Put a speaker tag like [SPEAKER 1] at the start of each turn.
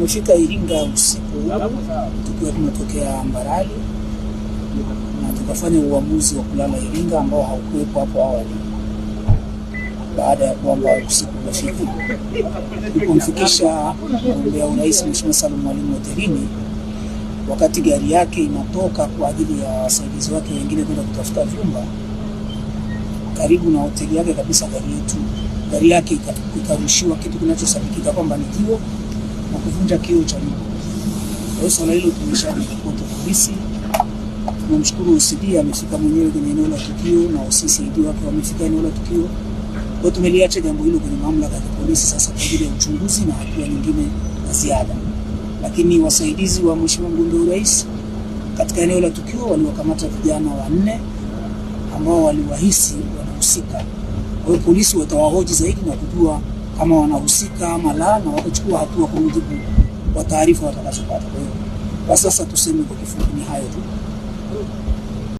[SPEAKER 1] Tumefika Iringa usiku tukiwa tumetokea Mbarali na tukafanya uamuzi wa kulala Iringa ambao haukuwepo hapo awali. Baada ya kwamba usiku umefika, tulipomfikisha mgombea urais Mheshimiwa Salum Mwalimu hotelini, wakati gari yake inatoka kwa ajili ya wasaidizi wake wengine kwenda kutafuta vyumba karibu na hoteli yake kabisa, gari yetu gari yake ikarushiwa kitu kinachosadikika kwamba ni jiwe na kuvunja kio cha nyumba. Kwa hiyo swala hilo tumeshalipota polisi. Tunamshukuru OCD amefika mwenyewe kwenye eneo la tukio na OCD wake wamefika eneo la tukio. Kwa hiyo tumeliacha jambo hilo kwenye mamlaka ya polisi sasa kwa ajili ya uchunguzi na hatua nyingine za ziada. Lakini wasaidizi wa Mheshimiwa mgombea urais katika eneo la tukio waliwakamata vijana wanne ambao waliwahisi wanahusika. Kwa hiyo polisi watawahoji zaidi na kujua kama wanahusika ama la, na wakuchukua hatua kwa mujibu wa taarifa watakazopata. Kwa hiyo kwa sasa tuseme kwa kifupi ni hayo tu.